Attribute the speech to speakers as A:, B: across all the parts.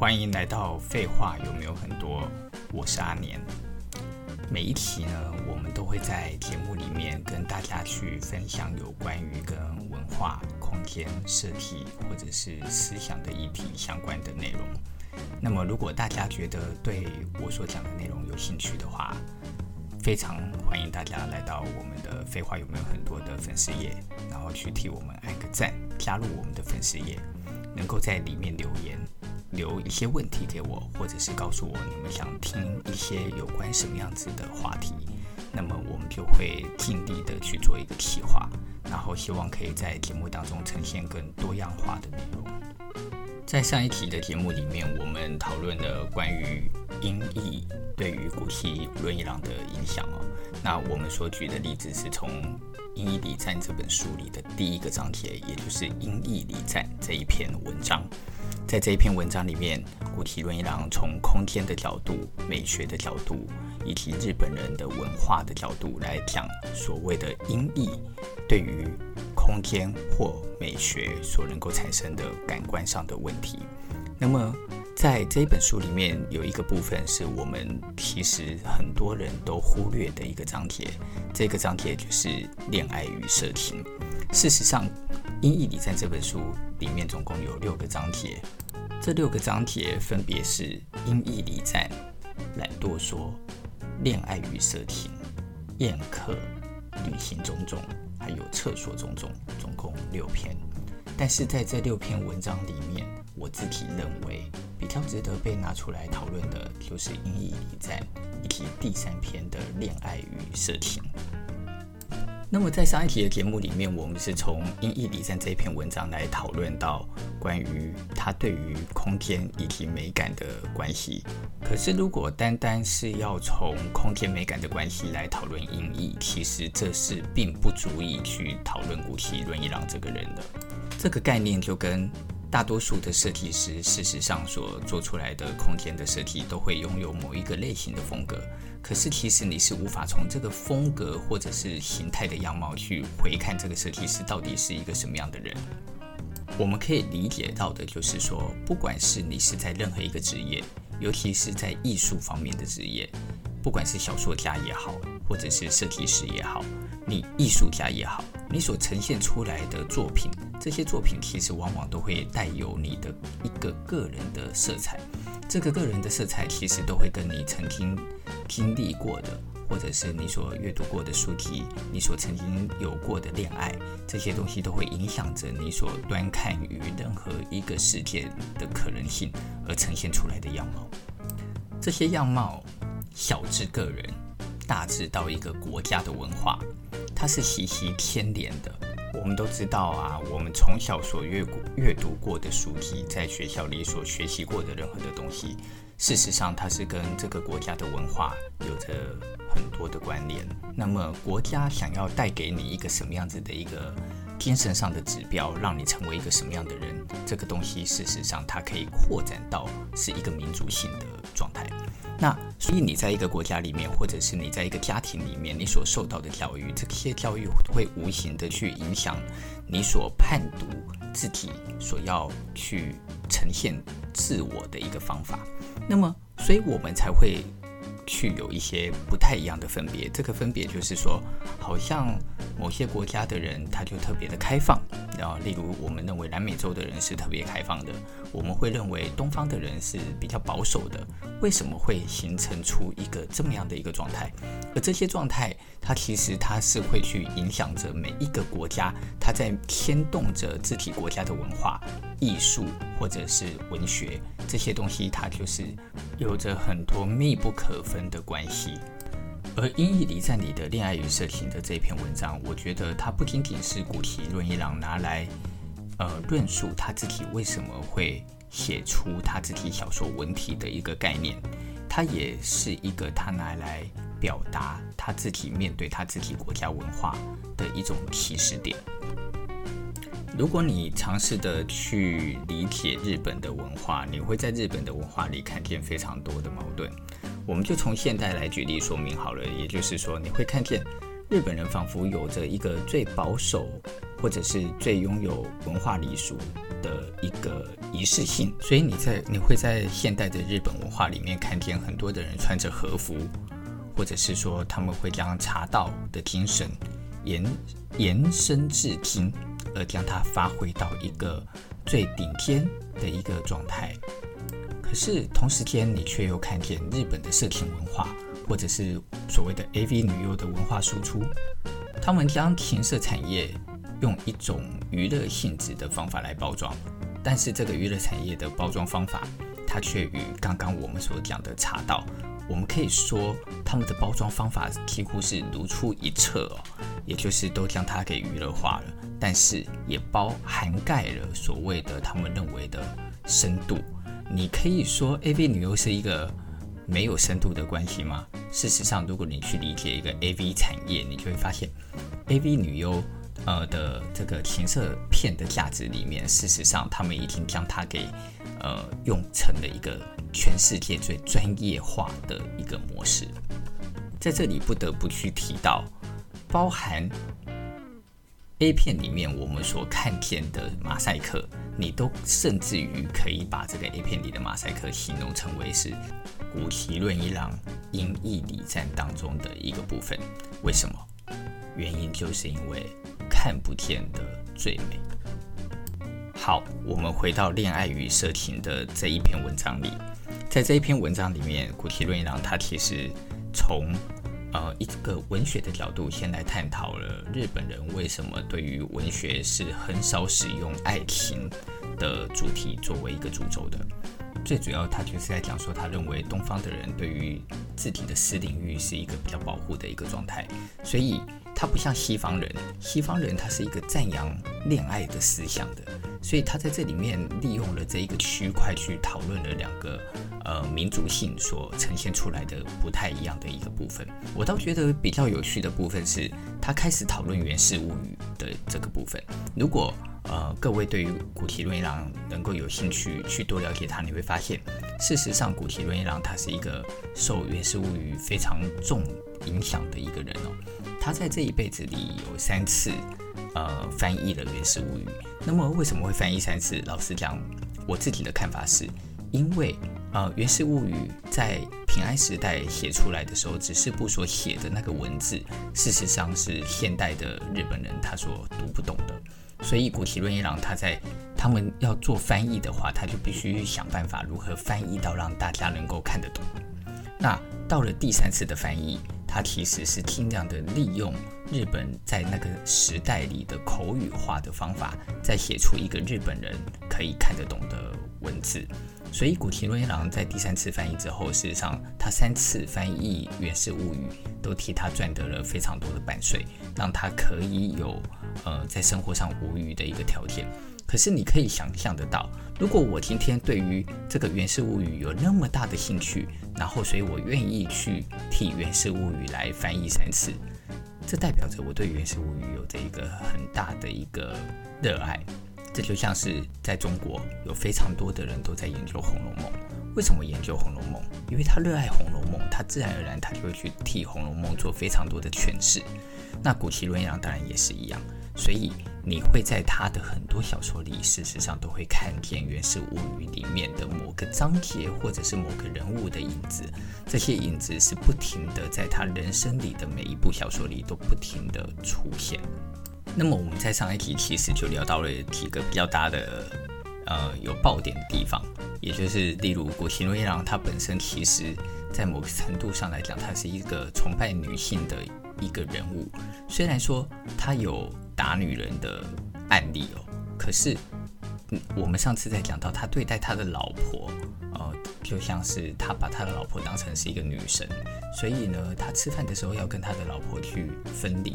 A: 歡迎來到《廢話有沒有很多》，我是阿年。每一期呢，我們都會在節目裡面跟大家去分享有關於跟文化、空間、設計或者是思想的議題相關的內容。那麼，如果大家覺得對我所講的內容有興趣的話，非常歡迎大家來到我們的《廢話有沒有很多》的粉絲頁，然後去替我們按個讚，加入我們的粉絲頁，能夠在裡面留言。留一些問題給我，或者是告訴我你們想聽一些有關什麼樣子的話題，那麼我們就會盡力的去做一個企劃，然後希望可以在節目當中呈現更多樣化的內容。在上一期的節目裡面，我們討論了關於陰翳對於谷崎潤一郎的影響哦，那我們所舉的例子是從《陰翳禮讚》這本書裡的第一個章節，也就是《陰翳禮讚》這一篇文章。在這一篇文章裡面，谷崎潤一郎從空間的角度、美學的角度，以及日本人的文化的角度來講，所謂的陰翳對於空間或美學所能夠產生的感官上的問題。那麼，在這一本書裡面有一個部分是我們其實很多人都忽略的一個章節，這個章節就是戀愛與色情。事實上，陰翳裡在這本書裡面總共有六個章節。這六個章節分別是《陰翳禮讚》、《懶惰說》、《戀愛與色情》、《宴客》、《旅行種種》、還有《廁所種種》，總共六篇。但是在這六篇文章裡面，我自己認為比較值得被拿出來討論的就是《陰翳禮讚》以及第三篇的《戀愛與色情》。那麼在上一集的節目裡面，我們是從《陰翳禮讚》這篇文章來討論到關於它對於空間以及美感的關係。可是，如果單單是要從空間美感的關係來討論陰翳，其實這是並不足以去討論谷崎潤一郎這個人的。這個概念就跟大多數的設計師事實上所做出來的空間的設計都會擁有某一個類型的風格。可是，其實你是無法從這個風格或者是形態的樣貌去回看這個設計師到底是一個什麼樣的人。我們可以理解到的就是說，不管是你是在任何一個職業，尤其是在藝術方面的職業，不管是小說家也好，或者是設計師也好，你藝術家也好，你所呈現出來的作品，這些作品其實往往都會帶有你的一個個人的色彩。這個個人的色彩其實都會跟你曾經，經歷過的，或者是你所閱讀過的書籍，你所曾經有過的戀愛，這些東西都會影響着你所端看於任何一個事件的可能性而呈現出來的樣貌。這些樣貌，小至個人，大至到一個國家的文化，它是息息牽連的。我們都知道啊，我們從小所閱閱讀過的書籍，在學校裡所學習過的任何的東西。事實上，它是跟這個國家的文化有着很多的關聯。那麼，國家想要帶給你一個什麼樣子的一個？精神上的指標，讓你成為一個什麼樣的人，這個東西事實上它可以擴展到是一個民族性的狀態。那所以你在一個國家裡面，或者是你在一個家庭裡面，你所受到的教育，這些教育會無形的去影響你所判讀自己所要去呈現自我的一個方法。那麼，所以我們才會去有一些不太一樣的分別，這個分別就是說，好像某些國家的人他就特別的開放，然後例如我們認為南美洲的人是特別開放的，我們會認為東方的人是比較保守的，為什麼會形成出一個這麼樣的一個狀態？而這些狀態，它其實它是會去影響着每一個國家，它在牽動着自己國家的文化、藝術或者是文學這些東西，它就是有着很多密不可分的關係。而陰翳禮讚裡的《戀愛與色情》的這一篇文章，我覺得它不僅僅是谷崎潤一郎拿來，呃，論述他自己為什麼會寫出他自己小說文體的一個概念，它也是一個他拿來。表達他自己面對他自己國家文化的一種起始點。如果你嘗試著去理解日本的文化，你會在日本的文化裡看見非常多的矛盾。我們就從現代來舉例說明好了，也就是說你會看見日本人仿佛有着一個最保守或者是最擁有文化禮俗的一個儀式性，所以你在你會在現代的日本文化裡面看見很多的人穿着和服。或者是說，他們會將茶道的精神延延伸至今，而將它發揮到一個最頂尖的一個狀態。可是同時間，你卻又看見日本的色情文化，或者是所謂的 AV 女優的文化輸出，他們將情色產業用一種娛樂性質的方法來包裝，但是這個娛樂產業的包裝方法，它卻與剛剛我們所講的茶道。我們可以說，他們的包裝方法幾乎是如出一轍哦，也就是都將它給娛樂化了，但是也包涵蓋了所謂的他們認為的深度。你可以說 AV 女優是一個沒有深度的關係嗎？事實上，如果你去理解一個 AV 產業，你就會發現 AV 女優呃的這個情色片的價值裡面，事實上他們已經將它給。呃，用成了一個全世界最專業化的一個模式，在這裡不得不去提到，包含 A 片裡面我們所看見的馬賽克，你都甚至於可以把這個 A 片裡的馬賽克形容成為是谷崎潤一郎陰翳禮讚當中的一個部分。為什麼？原因就是因為看不見的最美。好，我們回到戀愛與色情的這一篇文章裡，在這一篇文章裡面，谷崎潤一郎他其實從呃一個文學的角度，先來探討了日本人為什麼對於文學是很少使用愛情的主題作為一個主軸的。最主要，他就是在講說，他認為東方的人對於自己的私領域是一個比較保護的一個狀態，所以他不像西方人，西方人他是一個讚揚戀愛的思想的，所以他在這裡面利用了這一個區塊去討論了兩個呃民族性所呈現出來的不太一樣的一個部分。我倒覺得比較有趣的部分是，他開始討論《源氏物語》的這個部分，如果，呃，各位對於谷崎潤一郎能夠有興趣去多了解他，你會發現，事實上谷崎潤一郎他是一個受《源氏物語》非常重影響的一個人哦。他在這一輩子裡有三次呃翻譯了《源氏物語》。那麼為什麼會翻譯三次？老實講，我自己的看法是，因為呃《源氏物語》在平安時代寫出來的時候，只是不所寫的那個文字，事實上是現代的日本人他所讀不懂的。所以，谷崎潤一郎他在他們要做翻譯的話，他就必須想辦法如何翻譯到讓大家能夠看得懂。那到了第三次的翻譯，他其實是盡量的利用日本在那個時代裡的口語化的方法，再寫出一個日本人可以看得懂的文字。所以谷崎潤一郎在第三次翻譯之後，事實上他三次翻譯《源氏物語》都替他賺得了非常多的版稅，讓他可以有呃在生活上無虞的一個條件。可是你可以想象得到，如果我今天對於這個《源氏物語》有那麼大的興趣，然後所以我願意去替《源氏物語》來翻譯三次，這代表着我對《源氏物語》有着一個很大的一個熱愛。這就像是在中國有非常多的人都在研究《紅樓夢》，為什麼研究《紅樓夢》？因為他熱愛《紅樓夢》，他自然而然他就會去替《紅樓夢》做非常多的詮釋。那谷崎潤一郎當然也是一樣。所以你會在他的很多小說裡，事實上都會看見《源氏物語》裡面的某個章節，或者是某個人物的影子。這些影子是不停的在他人生裡的每一部小說裡都不停的出現。那麼我們在上一集其實就聊到了幾個比較大的，呃，有爆點的地方，也就是例如谷崎潤一郎他本身其實，在某個程度上來講，他是一個崇拜女性的一個人物，雖然說他有打女人的案例哦，可是。我們上次在講到他對待他的老婆，呃，就像是他把他的老婆當成是一個女神，所以呢，他吃飯的時候要跟他的老婆去分離，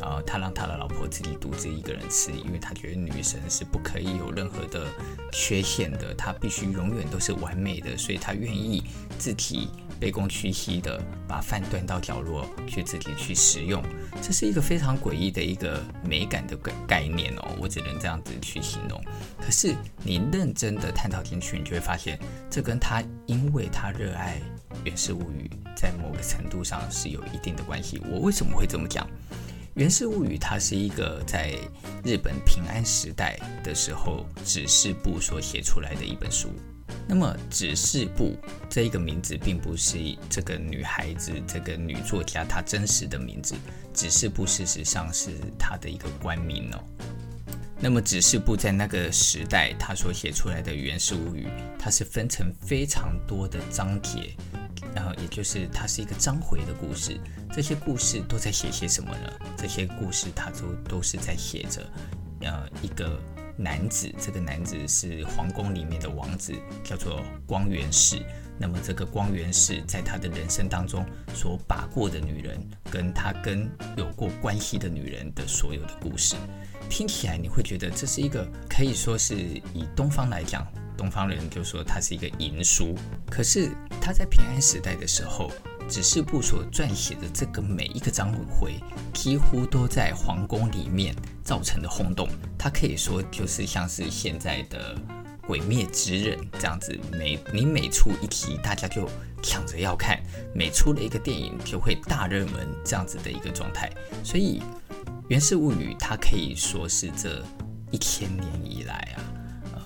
A: 然後，呃，他讓他的老婆自己獨自一個人吃，因為他覺得女神是不可以有任何的缺陷的，他必須永遠都是完美的，所以他願意自己。卑躬屈膝的把飯端到角落去自己去食用，這是一個非常詭異的一個美感的概概念哦，我只能這樣子去形容。可是你認真的探討進去，你就會發現，這跟他因為他熱愛《源氏物語》在某個程度上是有一定的關係。我為什麼會這麼講？《源氏物語》它是一個在日本平安時代的時候，紫式部所寫出來的一本書。那麼，紫式部這一個名字，並不是這個女孩子、這個女作家她真實的名字，紫式部事實上是她的一個官名哦。那麼，紫式部在那個時代，她所寫出來的《源氏物語》，它是分成非常多的章節，然、呃、後也就是它是一個章回的故事。這些故事都在寫些什麼呢？這些故事它都都是在寫着，呃，一個。男子，這個男子是皇宮裡面的王子，叫做光源氏。那麼，這個光源氏在他的人生當中所把過的女人，跟他跟有過關係的女人的所有的故事，聽起來你會覺得這是一個可以說是以東方來講，東方人就說他是一個淫書。可是他在平安時代的時候，紫式部所撰寫的這個每一個章回，幾乎都在皇宮裡面造成的轟動。它可以說就是像是現在的《鬼滅之刃》這樣子，每你每出一集，大家就搶着要看；每出了一個電影，就會大熱門這樣子的一個狀態。所以《源氏物語》它可以說是這一千年以來啊，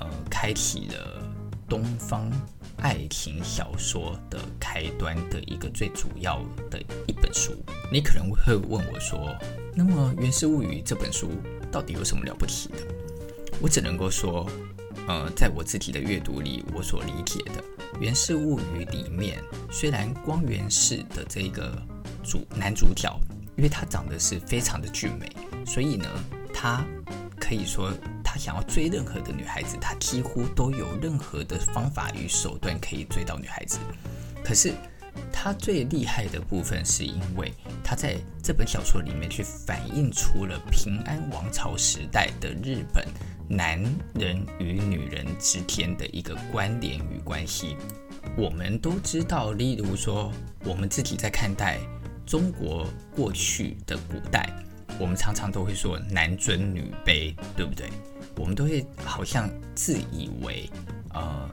A: 呃，開啟了東方。愛情小說的開端的一個最主要的一本書，你可能會問我說：“那麼《源氏物語》這本書到底有什麼了不起的？”我只能夠說，呃，在我自己的閱讀裡，我所理解的《源氏物語》裡面，雖然光源氏的這個主男主角，因為他長得是非常的俊美，所以呢，他可以說。他想要追任何的女孩子，他幾乎都有任何的方法與手段可以追到女孩子。可是，他最厲害的部分是因為他在這本小說裡面去反映出了平安王朝時代的日本男人與女人之間的一個關聯與關係。我們都知道，例如說，我們自己在看待中國過去的古代，我們常常都會說男尊女卑，對不對？我們都會好像自以為，呃，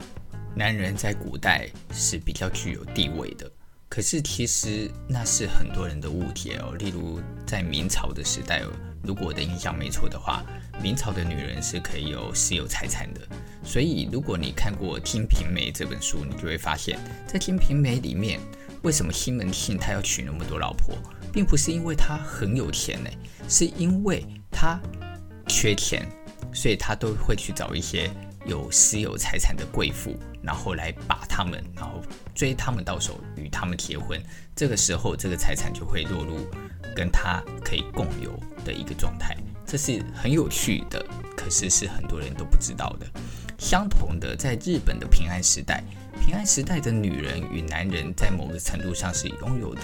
A: 男人在古代是比較具有地位的。可是其實那是很多人的誤解哦。例如在明朝的時代哦，如果我的印象沒錯的話，明朝的女人是可以有私有財產的。所以如果你看過《金瓶梅》這本書，你就會發現，在《金瓶梅》裡面，為什麼西門慶他要娶那麼多老婆，並不是因為他很有錢呢？是因為他缺錢。所以他都會去找一些有私有財產的貴婦，然後來把他們，然後追他們到手，與他們結婚。這個時候，這個財產就會落入跟他可以共有的一個狀態。這是很有趣的，可是是很多人都不知道的。相同的，在日本的平安時代，平安時代的女人與男人在某個程度上是擁有的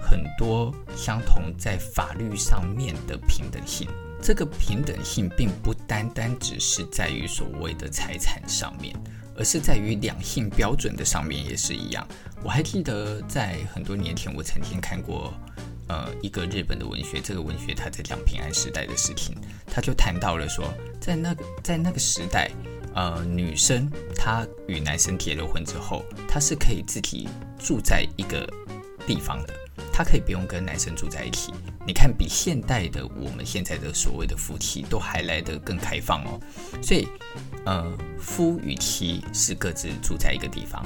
A: 很多相同在法律上面的平等性。這個平等性並不單單只是在於所謂的財產上面，而是在於兩性標準的上面也是一樣。我還記得在很多年前，我曾經看過，呃，一個日本的文學，這個文學他在講平安時代的事情，他就談到了說，在那個在那個時代，呃，女生她與男生結了婚之後，她是可以自己住在一個地方的。他可以不用跟男生住在一起。你看，比現代的我們現在的所謂的夫妻都還來得更開放哦。所以，呃，夫與妻是各自住在一個地方。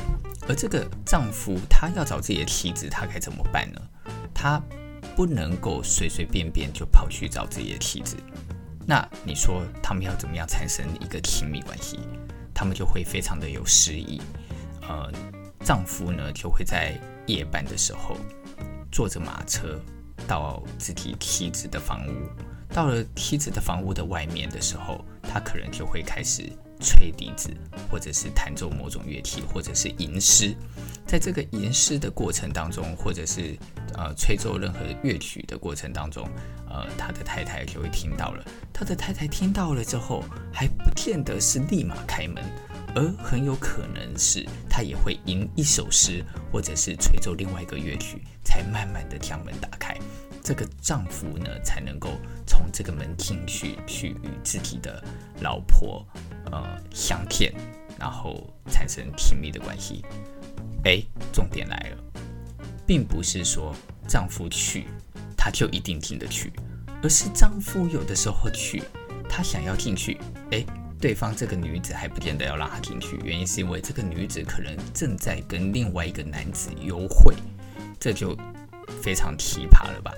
A: 而這個丈夫他要找自己的妻子，他該怎麼辦呢？他不能夠隨隨便便就跑去找自己的妻子。那你說他們要怎麼樣產生一個親密關係？他們就會非常的有詩意。呃，丈夫呢就會在夜半的時候。坐着馬車到自己妻子的房屋，到了妻子的房屋的外面的時候，他可能就會開始吹笛子，或者是彈奏某種樂器，或者是吟詩。在這個吟詩的過程當中，或者是呃吹奏任何樂曲的過程當中，呃，他的太太就會聽到了。他的太太聽到了之後，還不見得是立馬開門。而很有可能是她也會吟一首詩，或者是吹奏另外一個樂曲，才慢慢的將門打開。這個丈夫呢，才能夠從這個門進去，去與自己的老婆呃相見，然後產生親密的關係。哎，重點來了，並不是說丈夫去，她就一定進得去，而是丈夫有的時候去，她想要進去，哎。對方這個女子還不見得要拉他進去，原因是因為這個女子可能正在跟另外一個男子幽會，這就非常奇葩了吧？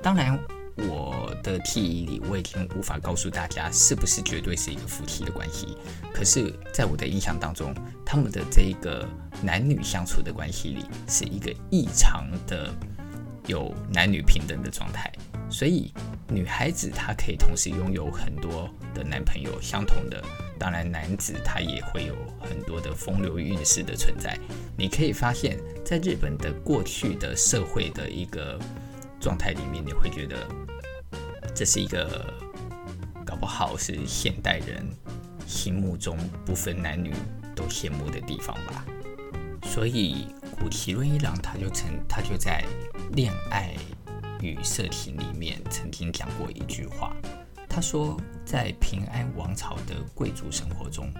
A: 當然，我的記憶裡我已經無法告訴大家是不是絕對是一個夫妻的關係。可是，在我的印象當中，他們的這個男女相處的關係裡是一個異常的有男女平等的狀態。所以女孩子，她可以同時擁有很多的男朋友，相同的，當然男子他也會有很多的風流韻事的存在。你可以發現，在日本的過去的社會的一個狀態裡面，你會覺得這是一個搞不好是現代人心目中不分男女都羨慕的地方吧。所以谷崎潤一郎他就曾，他就在戀愛與色情裡面曾經講過一句話，他說，在平安王朝的貴族生活中，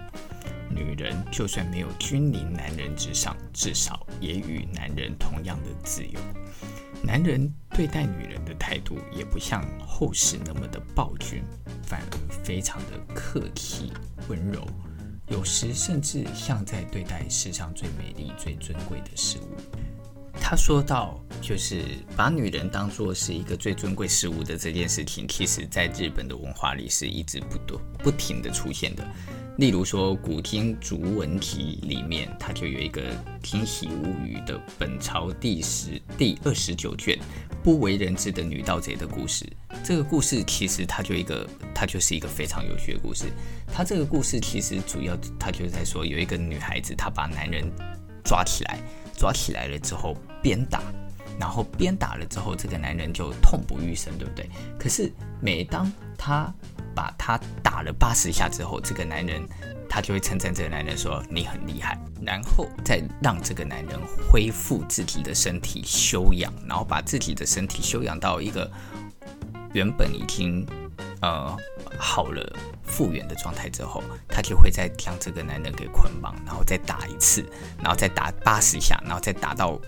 A: 女人就算沒有君臨男人之上，至少也與男人同樣的自由。男人對待女人的態度也不像後世那麼的暴君，反而非常的客氣溫柔，有時甚至像在對待世上最美麗最尊貴的事物。他說到，就是把女人當做是一個最尊貴事物的這件事情，其實在日本的文化裡是一直不斷不停的出現的。例如說，古今竹文體裡面，它就有一個《今昔物語》的本朝第十第二十九卷，不為人知的女盜賊的故事。這個故事其實它就一個，它就是一個非常有趣的故事。它這個故事其實主要，它就是在說有一個女孩子，她把男人抓起來，抓起來了之後。鞭打，然後鞭打了之後，這個男人就痛不欲生，對不對？可是每當他把他打了八十下之後，這個男人他就會稱讚這個男人說：“你很厲害。”然後再讓這個男人恢復自己的身體休養，然後把自己的身體休養到一個原本已經呃好了復原的狀態之後，他就會再將這個男人給捆綁，然後再打一次，然後再打八十下，然後再打到。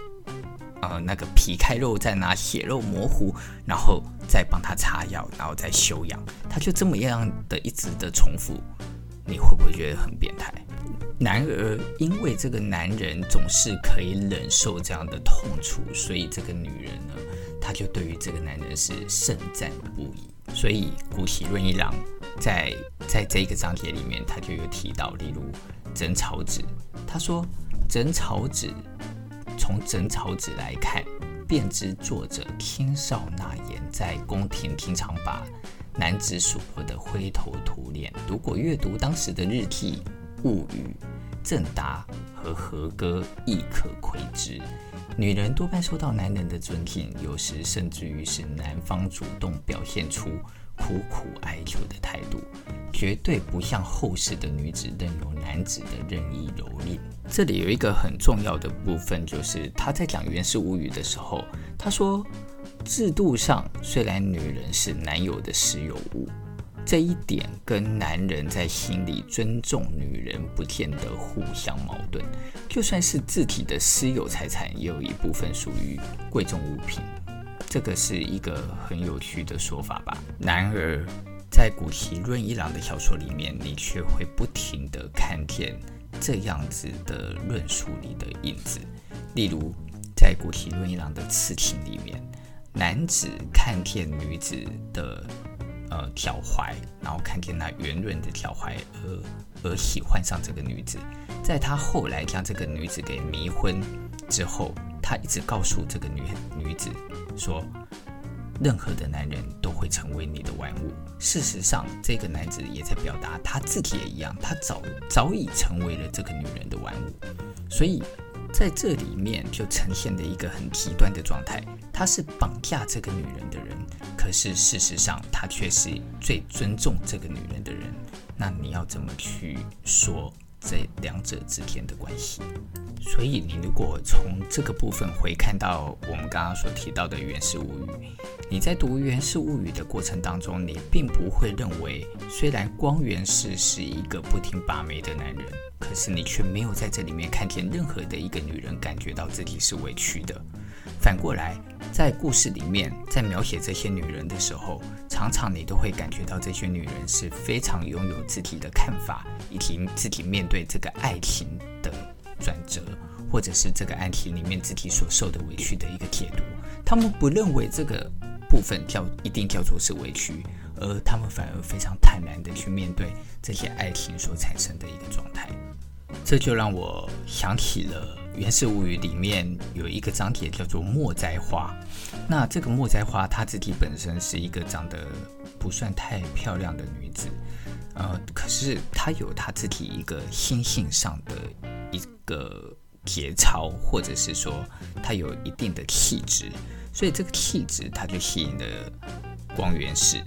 A: 呃，那個皮開肉綻、拿血肉模糊，然後再幫他擦藥，然後再修養，他就這麼樣的一直的重複，你會不會覺得很變態？然而，因為這個男人總是可以忍受這樣的痛楚，所以這個女人呢，她就對於這個男人是盛讚不已。所以谷崎潤一郎在在這一個章節裡面，他就有提到，例如枕草子，他說枕草子。從《枕草子》來看，便知作者清少納言在宮廷經常把男子所說得灰頭土臉。如果閱讀當時的日記、物語、政達和和歌，亦可窺之。女人多半受到男人的尊敬，有時甚至於是男方主動表現出苦苦哀求的態度，絕對不像後世的女子任由男子的任意蹂躪。這裡有一個很重要的部分，就是他在講源氏物語的時候，他說，制度上雖然女人是男友的私有物，這一點跟男人在心裡尊重女人不見得互相矛盾。就算是自己的私有財產，也有一部分屬於貴重物品。這個是一個很有趣的說法吧。然而，在谷崎潤一郎的小說裡面，你卻會不停的看見這樣子的論述裡的影子。例如，在谷崎潤一郎的《刺青》裡面，男子看見女子的呃腳踝，然後看見那圓潤的腳踝，而、呃、而喜歡上這個女子。在他後來將這個女子給迷昏之後。他一直告訴這個女女子說：“任何的男人都會成為你的玩物。”事實上，這個男子也在表達他自己也一樣，他早早已成為了這個女人的玩物。所以在這裡面就呈現了一個很極端的狀態：他是綁架這個女人的人，可是事實上他卻是最尊重這個女人的人。那你要怎麼去說？這兩者之間的關係，所以你如果從這個部分回看到我們剛剛所提到的《源氏物語》，你在讀《源氏物語》的過程當中，你並不會認為，雖然光源氏是一個不停把妹的男人，可是你卻沒有在這裡面看見任何的一個女人感覺到自己是委屈的。反過來，在故事裡面，在描寫這些女人的時候，常常你都會感覺到這些女人是非常擁有自己的看法，以及自己面對這個愛情的轉折，或者是這個愛情裡面自己所受的委屈的一個解讀。他們不認為這個部分叫一定叫做是委屈，而他們反而非常坦然的去面對這些愛情所產生的一個狀態。這就讓我想起了。《源氏物語》裡面有一個章節叫做《末摘花》，那這個末摘花她自己本身是一個長得不算太漂亮的女子，呃，可是她有她自己一個心性上的一個節操，或者是說她有一定的氣質，所以這個氣質它就吸引了光源氏。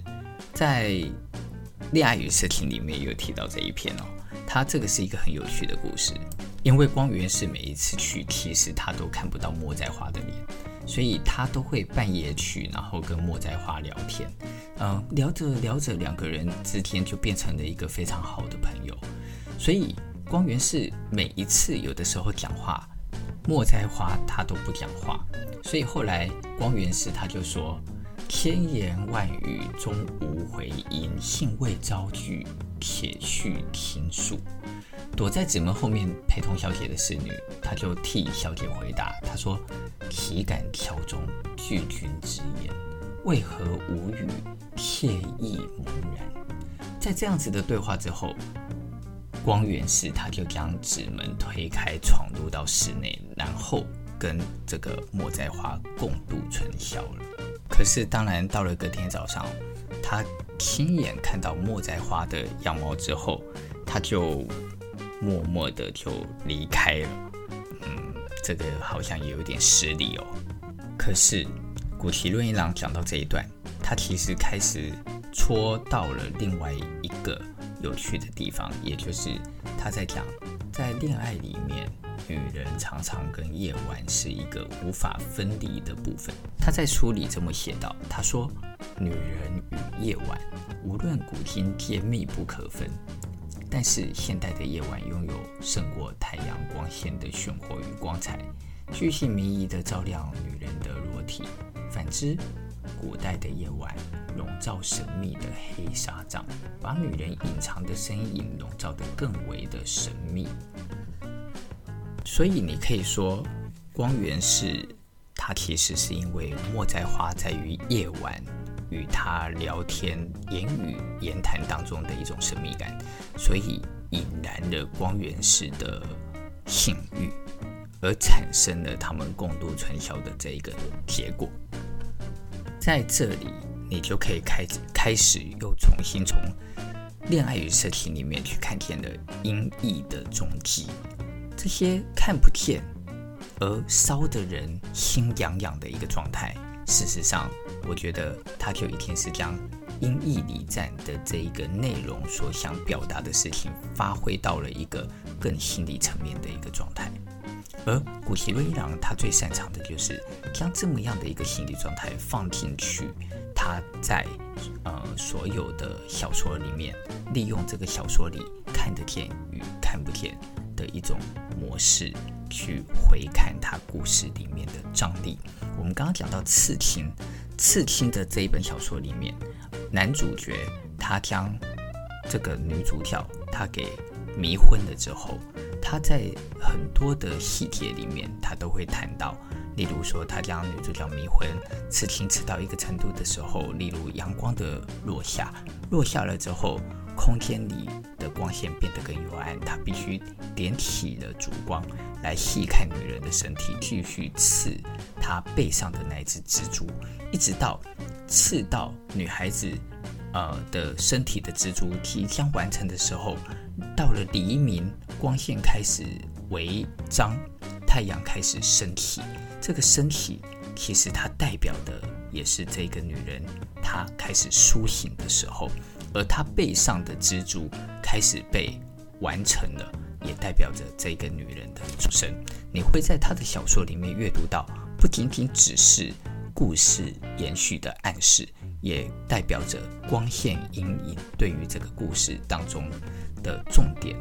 A: 在《戀愛與色情》裡面有提到這一篇哦，它這個是一個很有趣的故事。因為光源氏每一次去，其實他都看不到末摘花的臉，所以他都會半夜去，然後跟末摘花聊天、呃，嗯，聊着聊着，兩個人之間就變成了一個非常好的朋友。所以光源氏每一次有的時候講話，末摘花他都不講話，所以後來光源氏他就說：“千言萬語終無回音，信未遭拒，且續聽數。”躲在紙門後面陪同小姐的侍女，她就替小姐回答。她說：“豈敢挑中拒君之言？為何無語，愜意茫然？”在這樣子的對話之後，光源氏他就將紙門推開，闖入到室內，然後跟這個末摘花共度春宵了。可是當然，到了隔天早上，他親眼看到末摘花的樣貌之後，他就默默地就離開了。嗯，這個好像也有點失禮哦。可是谷崎潤一郎講到這一段，他其實開始戳到了另外一個有趣的地方，也就是他在講，在戀愛裡面，女人常常跟夜晚是一個無法分離的部分。他在書裡這麼寫道：“他說，女人與夜晚，無論古今皆密不可分。”但是現代的夜晚擁有勝過太陽光線的炫惑與光彩，巨細靡遺的照亮女人的裸體；反之，古代的夜晚籠罩神秘的黑紗帳，把女人隱藏的身影籠罩得更為的神秘。所以你可以說，光源氏它其實是因為莫在花在於夜晚。與他聊天，言語言談當中的一種神秘感，所以引燃了光源氏的性慾，而產生了他們共度春宵的這一個結果。在這裡，你就可以開始開始又重新從戀愛與色情裡面去看見了陰翳的蹤跡，這些看不見而燒得人心癢癢的一個狀態。事實上，我覺得他就一天是將《陰翳禮讚》的這一個內容所想表達的事情，發揮到了一個更心理層面的一個狀態。而谷崎潤一郎他最擅長的就是將這麼樣的一個心理狀態放進去，他在呃所有的小說裡面，利用這個小說裡看得見與看不見的一種模式。去回看他故事裡面的張力。我們剛剛講到《刺青》，《刺青》的這一本小說裡面，男主角他將這個女主角他給迷昏了之後，他在很多的細節裡面他都會談到，例如說他將女主角迷昏，刺青刺到一個程度的時候，例如陽光的落下，落下了之後，空間裡的光線變得更幽暗，他必須點起了燭光。來細看女人的身體，繼續刺她背上的那隻蜘蛛，一直到刺到女孩子呃的身體的蜘蛛即將完成的時候，到了黎明，光線開始微張，太陽開始升起。這個升起其實它代表的也是這個女人，她開始甦醒的時候，而她背上的蜘蛛開始被完成了。也代表着這個女人的出生。你會在她的小說裡面閱讀到，不僅僅只是故事延續的暗示，也代表着光線陰影對於這個故事當中的重點。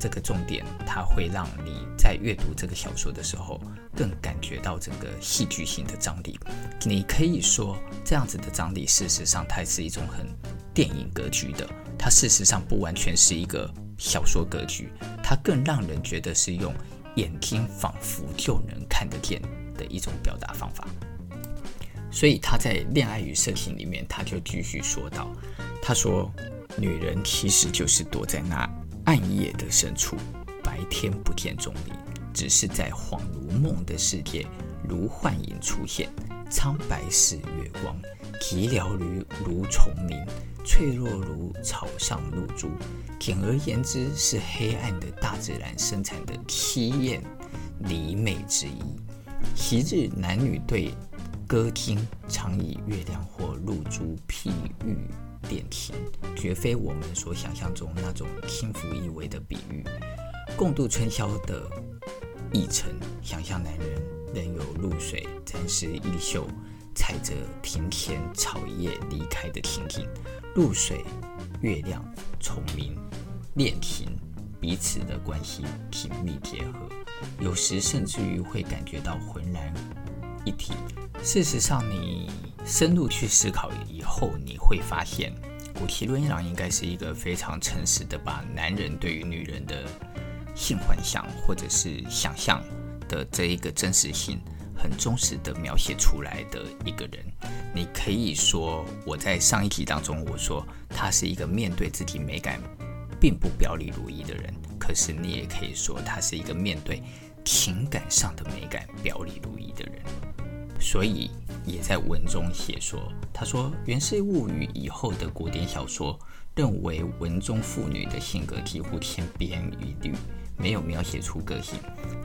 A: 這個重點，它會讓你在閱讀這個小說的時候，更感覺到整個戲劇性的張力。你可以說，這樣子的張力，事實上它是一種很電影格局的。它事實上不完全是一個。小說格局，它更讓人覺得是用眼睛仿佛就能看得見的一種表達方法。所以他在《戀愛與色情》裡面，他就繼續說道：“他說，女人其實就是躲在那暗夜的深處，白天不見蹤影，只是在恍如夢的世界，如幻影出現，蒼白是月光。”啼鳥語如蟲鳴，脆弱如草上露珠。簡而言之，是黑暗的大自然生產的淒艷離美之一。昔日男女對歌廳，常以月亮或露珠譬喻戀情，絕非我們所想象中那種輕浮意味的比喻。共度春宵的翌晨，想象男人仍有露水沾濕衣袖。踩着庭前草葉離開的情景，露水、月亮、蟲鳴、戀情，彼此的關係緊密結合，有時甚至於會感覺到渾然一體。事實上，你深入去思考以後，你會發現，谷崎潤一郎應該是一個非常誠實的把男人對於女人的性幻想或者是想象的這一個真實性。很忠實地描寫出來的一個人，你可以說我在上一集當中我說他是一個面對自己美感並不表裡如一的人，可是你也可以說他是一個面對情感上的美感表裡如一的人。所以也在文中寫說，他說《源氏物語》以後的古典小說認為文中婦女的性格幾乎千篇一律，沒有描寫出個性，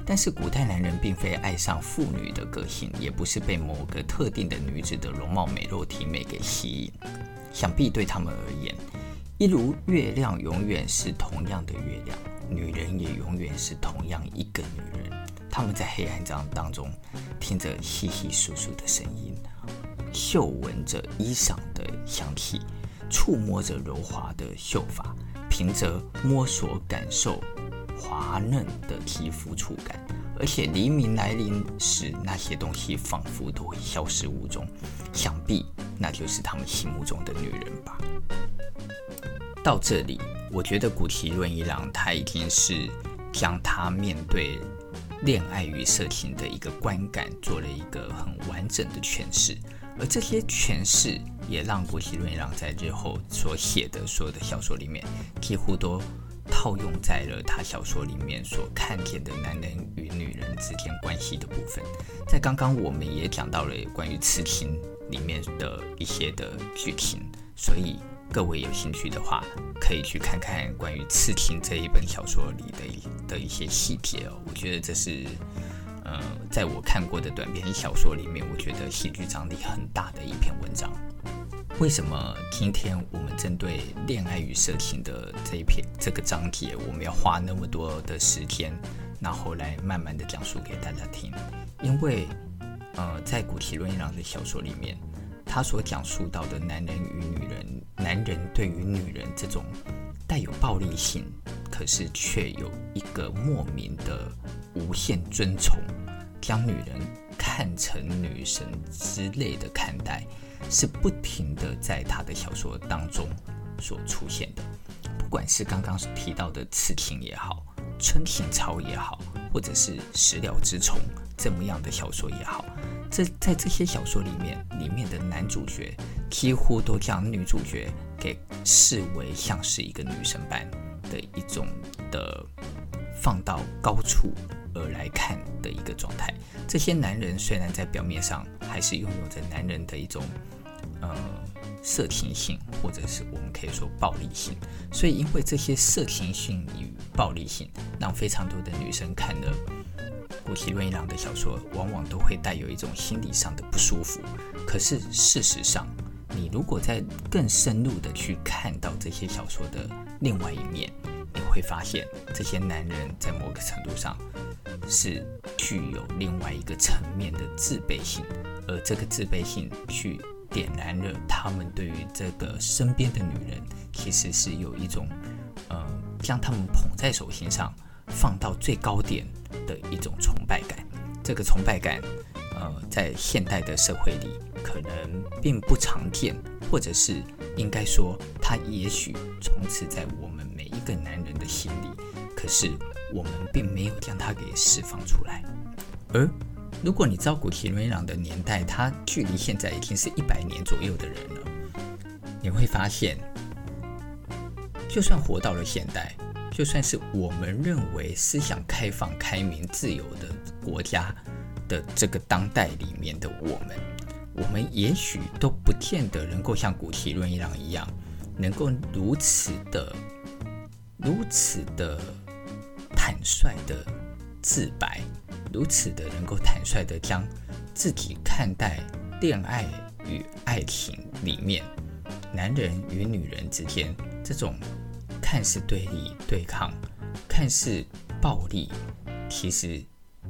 A: 但是古代男人並非愛上婦女的個性，也不是被某個特定的女子的容貌美、肉體美給吸引。想必對他們而言，一如月亮永遠是同樣的月亮，女人也永遠是同樣一個女人。他們在黑暗當中，聽着窸窸窣窣的聲音，嗅聞着衣裳的香氣，觸摸着柔滑的秀髮，憑着摸索感受。滑嫩的肌膚觸感，而且黎明來臨時，那些東西仿佛都會消失無蹤。想必那就是他們心目中的女人吧。到這裡，我覺得谷崎潤一郎他已經是將他面對戀愛與色情的一個觀感做了一個很完整的詮釋，而這些詮釋也讓谷崎潤一郎在日後所寫的所有的小說裡面幾乎都。套用在了他小說裡面所看見的男人與女人之間關係的部分，在剛剛我們也講到了關於《刺青》裡面的一些的劇情，所以各位有興趣的話，可以去看看關於《刺青》這一本小說裡的的一些細節哦。我覺得這是，呃，在我看過的短篇小說裡面，我覺得戲劇張力很大的一篇文章。為什麼今天我們針對戀愛與色情的這一篇這個章節，我們要花那麼多的時間，然後來慢慢的講述給大家聽？因為，呃，在谷崎潤一郎的小說裡面，他所講述到的男人與女人，男人對於女人這種帶有暴力性，可是却有一個莫名的無限尊崇，將女人看成女神之類的看待。是不停地在他的小說當中所出現的，不管是剛剛提到的《刺青》也好，《春琴抄》也好，或者是《食蓼之蟲》這麼樣的小說也好，這在這些小說裡面，裡面的男主角幾乎都將女主角給視為像是一個女神般的一種的。放到高處而來看的一個狀態，這些男人雖然在表面上還是擁有着男人的一種呃色情性或者是我們可以說暴力性，所以因為這些色情性與暴力性，讓非常多的女生看了谷崎潤一郎的小說，往往都會帶有一種心理上的不舒服。可是事實上，你如果再更深入的去看到這些小說的另外一面。你會發現，這些男人在某個程度上是具有另外一個層面的自卑性，而這個自卑性去點燃了他們對於這個身邊的女人，其實是有一種，呃，將他們捧在手心上，放到最高點的一種崇拜感。這個崇拜感，呃，在現代的社會裡可能並不常見。或者是應該說，他也許充斥在我們每一個男人的心裡，可是我們並沒有將他給釋放出來。而如果你照顧潤一郎的年代，他距離現在已經是一百年左右的人了，你會發現，就算活到了現代，就算是我們認為思想開放、開明、自由的國家的這個當代裡面的我們。我們也許都不見得能夠像谷崎潤一郎，一樣，一樣能夠如此的、如此的坦率的自白，如此的能夠坦率的將自己看待戀愛與愛情裡面，男人與女人之間這種看似對立對抗、看似暴力，其實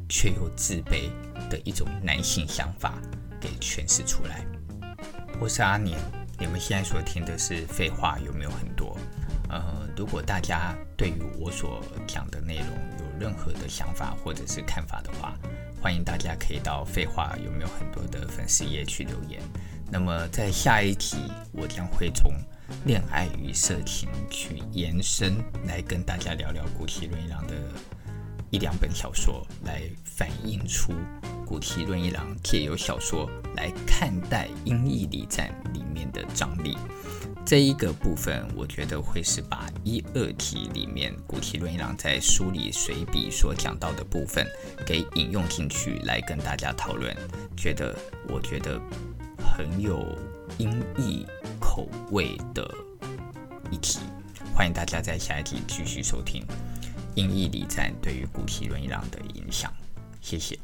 A: 卻又自卑的一種男性想法給詮釋出來。我是阿年，你們現在所聽的是廢話有沒有很多？呃，如果大家對於我所講的內容有任何的想法或者是看法的話，歡迎大家可以到廢話有沒有很多的粉絲頁去留言。那麼在下一集，我將會從戀愛與色情去延伸來跟大家聊聊谷崎潤一郎的一兩本小說，來反映出。谷崎潤一郎借由小說來看待陰翳禮讚裡面的張力，這一個部分我覺得會是把一二題裡面谷崎潤一郎在書裡隨筆所講到的部分給引用進去，來跟大家討論。覺得我覺得很有陰翳口味的一題，歡迎大家在下一集繼續收聽陰翳禮讚對於谷崎潤一郎的影響。謝謝。